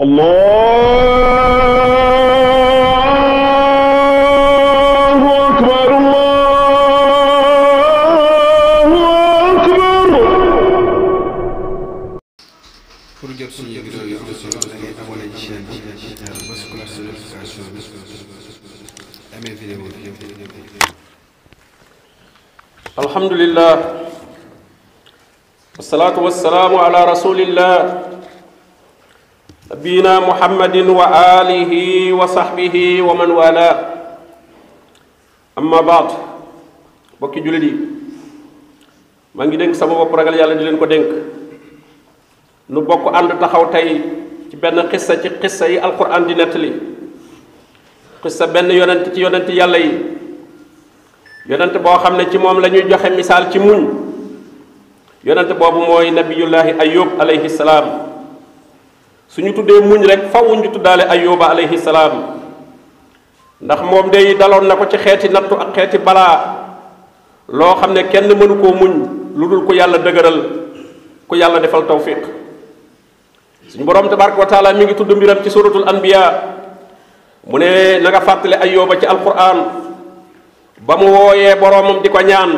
الله أكبر الله أكبر الحمد لله والصلاة والسلام على رسول الله nabiina muhammadin wa alihi wa sahbihi wa man wala amma baad bokki jullit yi maa ngi dénk sama bopp ragal yàlla di leen ko dénk nu bokk ànd taxaw tey ci benn xissa ci xissa yi alquran di nettali xissa benn yonent ci yonent yàlla yi yonent boo xam ne ci moom lañuy ñuy joxe misaal ci muñ yonent boobu mooy nabiyullahi ayub alayhi salaam suñu tuddé muñ rek faun ñu tuddaale ayyuba alayhi salam. ndax mom day dalon nako ci xeeti nattu ak xeeti bala lo xamné ne kenn mënu ko muñ lu ko yalla dëgeural ko ku defal tawfiq suñu borom tabaraka wa taala mi ngi tuddu mbiram ci suratul anbiya mu ne na nga fàttale ayyuba ci alquran ba mu wooyee boromam diko ñaan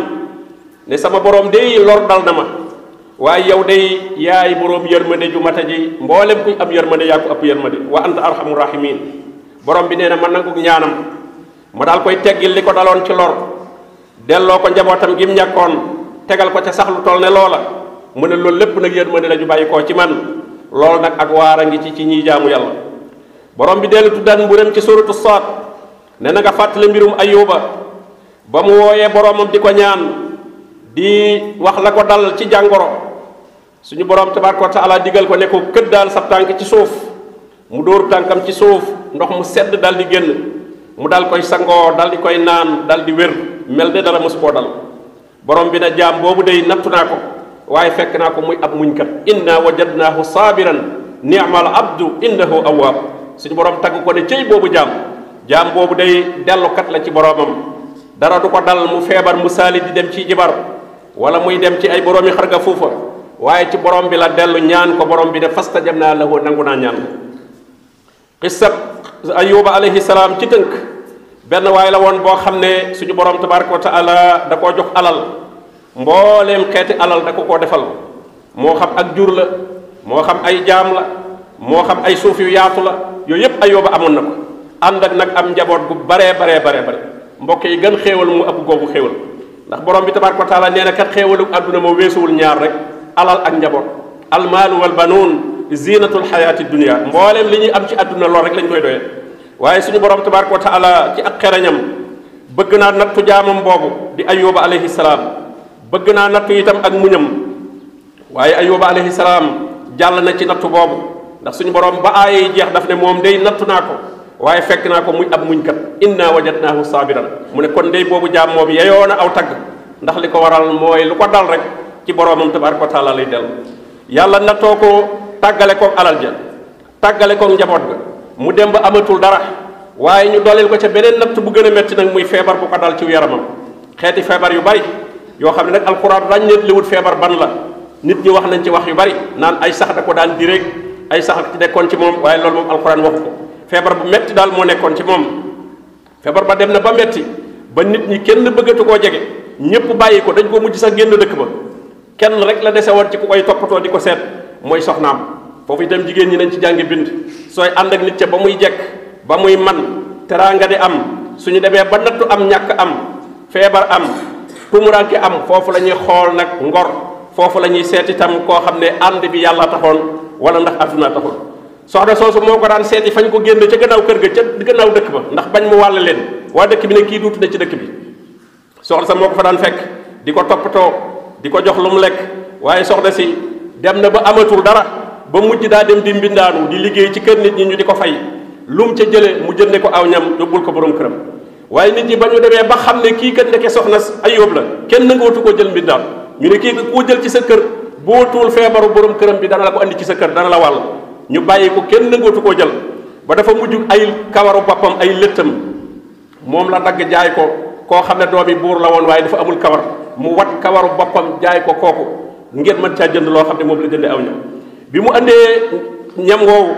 ne sama borom day lor dal na waaye yow day yaay borom yërmande ju mata ji mboolem kuy am yërmande yaa ko ëpp yërmande wa anta arhamu rahimin borom bi nee na man nangu ñaanam mu daal koy teggil li ko daloon ci lor delloo ko njabootam gim ñàkkoon tegal ko ca sax lu tol ne loola mu ne loolu lépp nag yërmande la ju bàyyi koo ci man lool nag ak waara ngi ci ci ñiy jaamu yàlla borom bi dellu tuddaan mburam ci suratu saat ne na nga fàttale mbirum ayuba ba mu wooyee boromam di ko ñaan di wax la ko dal ci jàngoro suñu borom tabaaraka wa taala digal ko ne ko kët daal sab tànk ci suuf mu dóor tànkam ci suuf ndox mu sedd dal di génn mu dal koy sangoo dal di koy naan dal di wér mel ne dala mos dal borom bi na jaam boobu day nattu naa ko waaye fekk naa ko muy ab muñkat inna wajadnaahu saabiran ni'mal abdu innahu awwaab suñu borom tagg ko ne cëy boobu jaam jaam boobu day dellukat la ci boromam dara du ko dal mu feebar mu saali di dem ci jibar wala muy dem ci ay boroomi xarga fuufa waaye ci borom bi la dellu ñaan ko borom bi ne fastajabnaa lahu nangu naa ñaan ko xissab ayuba alayhi salaam ci tënk benn waaye la woon boo xam ne suñu borom tabaraka wa taala da koo jox alal mbooleem xeeti alal da ko koo defal moo xam ak jur la moo xam ay jaam la moo xam ay suuf yu yaatu la yooyu yëpp ayuba amoon na ànd ak nag am njaboot gu baree baree baree bare mbokk yi gën xéewal mu ëpp googu xéewal ndax borom bi tabaraka wa taala nee na kat xéewalu àdduna moo weesuwul ñaar rek alal ak al mal wal banun zinatul xayaati dunya mboolem li am ci aduna lool rek lañ koy doye waye suñu borom tabaraka taala ci ak xereñam bëgg na nattu jaamam bobu di ayyuba alayhi salam bëgg na nattu itam ak muñam waye ayyuba alayhi salam jàll na ci nattu bobu ndax suñu borom ba ay jeex daf ne mom day nattu nako waye fekk na ko muy ab kat inna wajadnahu sabiran mu ne kon day bobu jaam mom yeyona aw tag ndax liko waral moy luko dal rek ci boromam tabaraka taala lay del yalla nattoo ko tagale ko alal ja tagale ko njabot ga mu dem ba amatul dara waye ñu dolel ko ca beneen natt bu gëna metti nak muy febar bu ko dal ci yaramam xéti febar yu bari yo xamni nak alquran alquran ràññeet wut febar ban la nit ñi wax nañ ci wax yu bari naan ay sax da ko daan direk ay sax ak ci nekkon ci mom waye loolu mom alquran wax ko febar bu metti dal mo nekkon ci mom febar ba dem na ba metti ba nit ñi kenn bëggatu ko jégé ñepp bayiko dañ ko mujj sax genn dekk ba kenn rek la dese woon ci ku koy topato di ko moy soxnam fofu itam jigen ñi nañ ci jàngi bind sooy ànd ak nit ca ba muy jekk ba muy man teranga di am suñu demee ba nattu am ñàkk am feebar am tumuranke am foofu la ñuy xool nag ngor foofu la ñuy seet itam koo xam ne ànd bi yàlla taxoon wala ndax aduna taxoon soxna soosu moo ko daan seeti fañ ko génn ca gannaaw kër ga ca gannaaw dëkk ba ndax bañ mu wàll leen waa dëkk bi ne kii duutu na ci dëkk bi soxna sa moo ko fa daan fekk di ko toppatoo di ko jox lu mu lekk waaye soxna si dem na ba amatul dara ba mujj daa dem di mbindaanu di liggéey ci kër nit ñi ñu di ko fay lu mu ca jëlee mu jënde ko aw ñam yóbbul ko borom këram. waaye ñi ba ñu ba xam ne kii kat ndeke soxna Ayóob la kenn nangootu koo jël mbindaan ñu ne kii koo jël ci sa kër boo tuul feebaru borom këram bi dana la ko andi ci sa kër dana la wàll ñu bàyyi ko kenn nangootu koo jël ba dafa mujj ay kawaru boppam ay léttam moom la dagg jaay ko koo xam ne doomi buur la woon waaye dafa amul kawar mu wat kawaru boppam jaay ko koku ngir man ca jënd lo xam mom la jënd aw ñam bi mu andee ñam woowu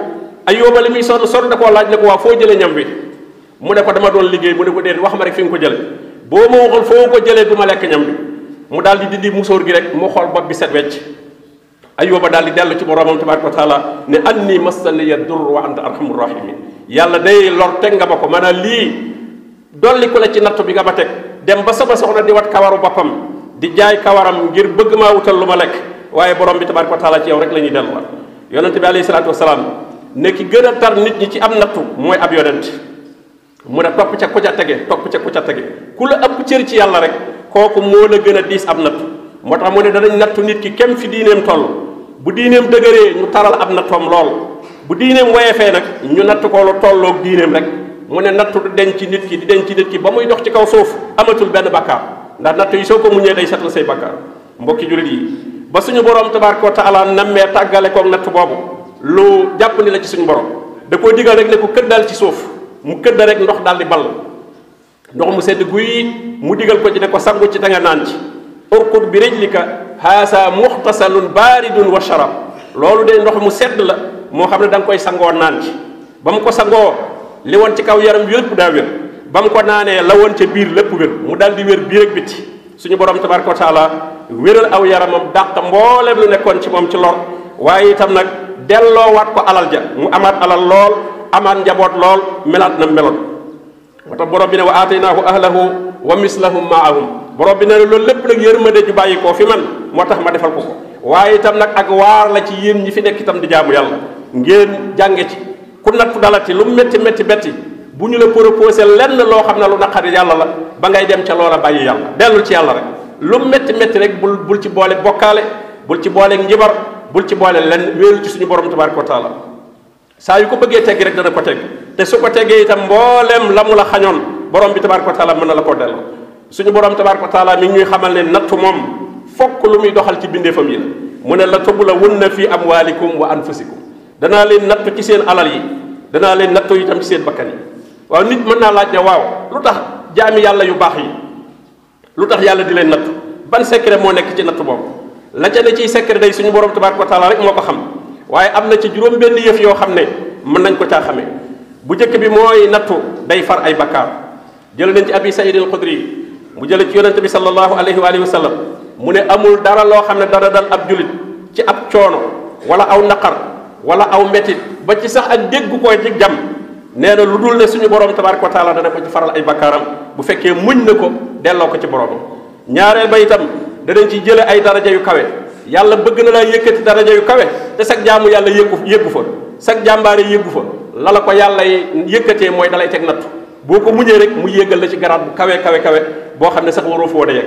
ayóoba li muy sonn sonn da ko laaj ne ko waa foo jëlee ñam bi mu ne ko dama doon liggéey mu ne ko déet wax ma rek fi ko bo ma waxoon fo ko jëlé duma lek ñam bi mu daldi di dindi musor gi rek mu xol bopp bi set wecc ayóoba daal di ci boromam tabaraka taala ne anni massaniya yadur wa anta arhamur rahimin yalla day lor teg nga ma mana li doli ko la ci nattu bi nga ma dem ba sama soxna di wat kawaru bopam di jaay kawaram ngir bëgg maa wutal lu ma lekk waaye borom bi tabaraka wa taala ci yow rek la ñuy delluwaat yonente bi alayhi salaatu wasalaam ne ki gën a tar nit ñi ci am nattu mooy ab yonent mu ne topp ca ku ca tege topp ca ku ca tege ku la ëpp cër ci yàlla rek kooku moo la gën a diis ab nattu moo tax mu ne danañ nattu nit ki kem fi diineem toll bu diineem dëgëree ñu taral ab nattoom lool bu diineem fee nag ñu natt ko lu tolloog diineem rek mu ne nattu du denc nit ki di denc nit ki ba muy dox ci kaw suuf amatul benn bàkkaar ndax natt yi soo ko muñee day setal say bakkar mbokki julit yi ba suñu borom tabaraka wa taala namme tagale ko natt boobu lu jàpp ni la ci suñu borom da koo digal rek ne ko kër dal ci suuf mu da rek ndox dal di ball ndox mu sedd guyi mu digal ko ci ne ko sangu ci da nga naan ci urkud bi rijlika haasa muxtasalun baridun wa sharab loolu de ndox mu sedd la moo xam ne da nga koy sangoo naan ci ba mu ko sangoo li won ci kaw yaram daa wér ba mu ko naanee la woon ca biir lépp wér mu dal di wér biir ak biti suñu borom tabaraka wa taala wéral aw yaramam dàq mboolem lu nekkoon ci moom ci lor waaye itam nag delloowaat ko alal ja mu amaat alal lool amaat njaboot lool melaat na meloon moo tax borom bi ne wa aataynaahu ahlahu wa mislahum maahum borom bi ne loolu lépp nag yërmande ju bàyyi koo fi man moo tax ma defal ko ko waaye itam nag ak waar la ci yéen ñi fi nekk tam di jaamu yàlla ngeen jànge ci ku nattu dalati lu metti metti betti bu ñu la proposé lenn loo xam ne lu naqari yàlla la ba ngay dem ca loola bàyyi yàlla dellul ci yàlla rek lu métti métti rek bul bul ci boole bokkaale bul ci boole njibar bul ci boole lenn wéeru ci suñu borom tabaraka wa taala saa yu ko bëggee teggi rek dana ko tegg te su ko teggee itam mbooleem la mu la xañoon borom bi tabaraka wa mën na la ko delloo suñu borom tabaraka wa taala ngi ñuy xamal ne nattu moom fokk lu muy doxal ci bindeefam yi mu ne la tubla wunna fi amwaalikum wa anfusikum danaa leen nattu ci seen alal yi danaa leen nattu itam ci seen bakkan yi waaw nit mën naa laaj ne waaw lu tax jaami yàlla yu baax yi lu tax yàlla di leen natt ban secret moo nekk ci natt boobu la ca ne ciy secret day suñu borom tabaaraka wa taala rek moo ko xam waaye am na ci juróom benn yëf yoo xam ne mën nañ ko caa xamee bu njëkk bi mooy nattu day far ay bakkaar jël nañ ci abi saïd al xudri mu jële ci yonente bi sallallahu alayhi wa alihi wa sallam mu ne amul dara loo xam ne dara dal ab julit ci ab coono wala aw naqar wala aw metit ba ci sax ak dégg nee na lu dul ne suñu borom tabaraka wa taala dana ko ci faral ay bakkaaram bu fekkee muñ na ko delloo ko ci borom ñaareel ba itam danañ ci jële ay daraja yu kawe yàlla bëgg na laa yëkkati daraja yu kawe te sag jaamu yàlla yëggu yëggu fa sag jàmbaare yëggu fa la la ko yàlla yëkkatee mooy dalay teg nattu boo ko muñee rek mu yéegal la ci garaat bu kawe kawe kawe boo xam ne sax waroo foo dayeg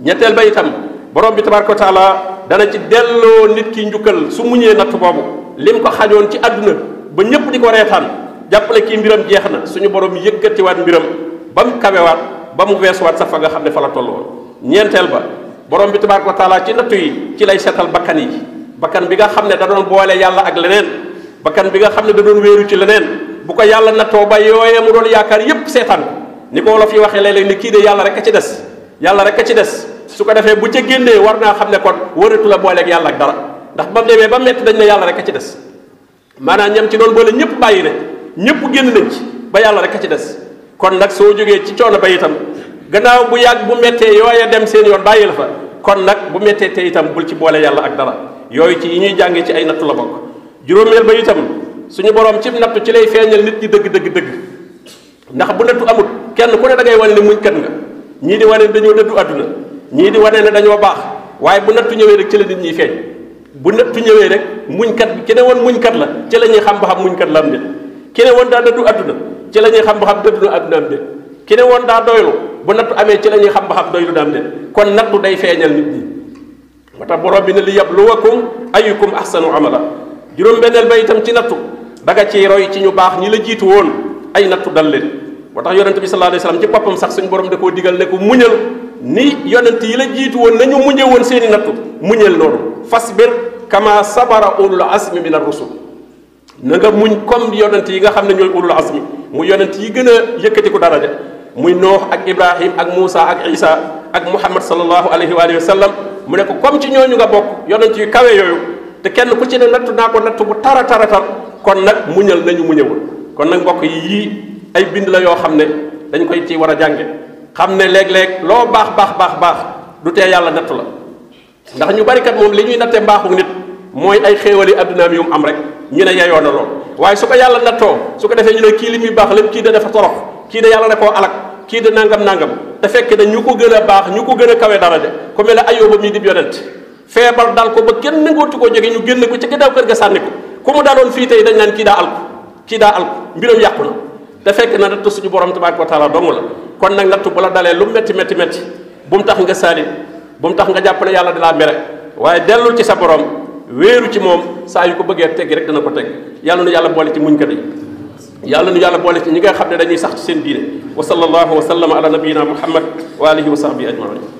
ñetteel borom bi tabaraka wa taala dana ci delloo nit ki njukkal su muñee natt boobu lim ko xañoon ci àdduna ba ñëpp di ko reetaan jàppale kii mbiram jeex na suñu borom yëkkatiwaat mbiram ba mu kawewaat ba mu weesuwaat sa fa nga xam ne fa la toll woon ñeenteel ba borom bi tabaaraka ko taalaat ci nattu yi ci lay seetal bakkan yi bakkan bi nga xam ne da doon boole yàlla ak leneen bakkan bi nga xam ne da doon wéeru ci leneen bu ko yàlla nattoo ba yooyee mu doon yaakaar yépp seetaan ni ko wolof yi waxee léeg-léeg ni kii de yàlla rek a ci des yàlla rek a ci des su ko defee bu ca génnee war naa xam ne kon waratu la booleeg yàlla ak ndax ba demee ba metti dañ ne yàlla rek a ci des maanaam ñam ci doon boole ñëpp bàyyi ne ñëpp génn nañ ci ba yàlla rek a ci des kon nag soo jógee ci coono ba itam gannaaw bu yàgg bu méttee yooya dem seen yoon bàyyi la fa kon nag bu méttee te itam bul ci boole yàlla ak dara yooyu ci yi ñuy jàngee ci ay nattu la bokk juróomeel ba itam suñu borom ci nattu ci lay feeñal nit ñi dëgg dëgg dëgg ndax bu nattu amut kenn ku ne da ngay wane ne muñ nga ñii di wanee ne dañoo dëddu àdduna ñii di wanee ne dañoo baax waaye bu nattu ñëwee rek ci la nit ñiy feeñ bu nattu ñëwee rek muñ kat ki ne woon muñ la ci ñuy xam xam muñ kat la am ki ne woon daa dëddu adduna ci la ñuy xam ba xam dëddu am de ki ne woon daa doylu bu nattu amee ci la ñuy xam ba xam doylu daam de kon nattu day feeñal nit ñi moo tax borom bi ne li lu yabluwakum ayukum ahsanu amala juróom beneen ba itam ci nattu da nga ciy roy ci ñu baax ñi la jiitu woon ay nattu dal leen moo tax yonent bi sallallahu alayhi wasallam ci boppam sax suñu borom da koo digal ne ko muñal ni yonent yi la jiitu woon nañu muñe woon seeni nattu muñal loolu fasbir kama sabara ulul asmi min ar rusul na nga muñ comme yonent yi nga xam ne ñooy ulul azmi mu yonent yi gën a yëkkatiku daraja muy noox ak ibrahim ak moussa ak isa ak muhammad sallallahu alayhi wa sallam mu ne ko comme ci ñooñu nga bokk yonent yu kawe yooyu te kenn ku ci ne nattu naa ko nattu bu tara tara tar kon nag muñal nañu muñewul kon nag mbokk yi yii ay bind la yoo xam ne dañ koy ci war a jànge xam ne léeg-léeg loo baax baax baax baax du tee yàlla nattu la ndax ñu bari kat moom mooy ay xéewali addunaam yu mu am rek ñu ne yeyoo na lool waaye su ko yàlla nattoo su ko defee ñu ne kii li ñuy baax lépp kii da defa torox kii da yàlla da koo alak kii da nangam nangam te fekk na ñu ko gën a baax ñu ko gën a kawe dara de ku mel ne ayooba mii di yonent feebar dal ko ba kenn nangootu koo jóge ñu génn ko ci ginnaaw kër ga sànni ko ku mu daaloon fii tey dañ naan kii daa alku kii daa alku mbiram yàqu na te fekk na nattu suñu borom tabaraka wa taala dong la kon nag nattu bu la dalee lu métti métti métti bu mu tax nga saalit mu tax nga jàppale yàlla di laa mere waaye dellul ci sa borom wéeru ci moom saa yu ko bëggee teggi rek dana ko teg yàlla nu yàlla boole ci muñ ko de yàlla nu yàlla boole ci ñi nga xam ne dañuy sax ci seen diine wa sallallahu wa sallama ala nabiyina muhammad wa alihi wa sahbihi ajmain